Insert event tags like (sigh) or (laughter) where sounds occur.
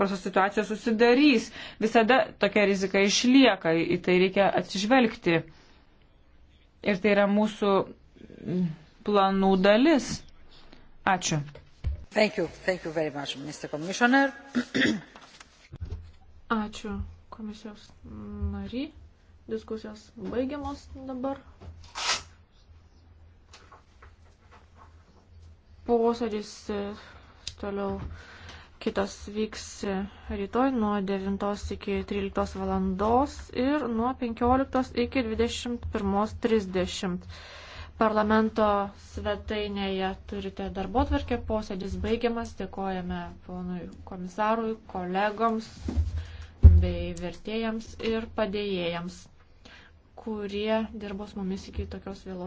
paprastos situacijos susidarys. Visada tokia rizika išlieka, į tai reikia atsižvelgti. Ir tai yra mūsų planų dalis. Ačiū. Thank you. Thank you very much, Mr. Commissioner. (clears throat) Ačiū komisijos nary. Diskusijos baigiamos dabar. posėdis e, toliau Kitas vyks rytoj nuo 9 iki 13 valandos ir nuo 15 iki 21.30. Parlamento svetainėje turite darbo tvarkę, posėdis baigiamas, dėkojame ponui komisarui, kolegoms bei vertėjams ir padėjėjams, kurie dirbos mumis iki tokios vėlos.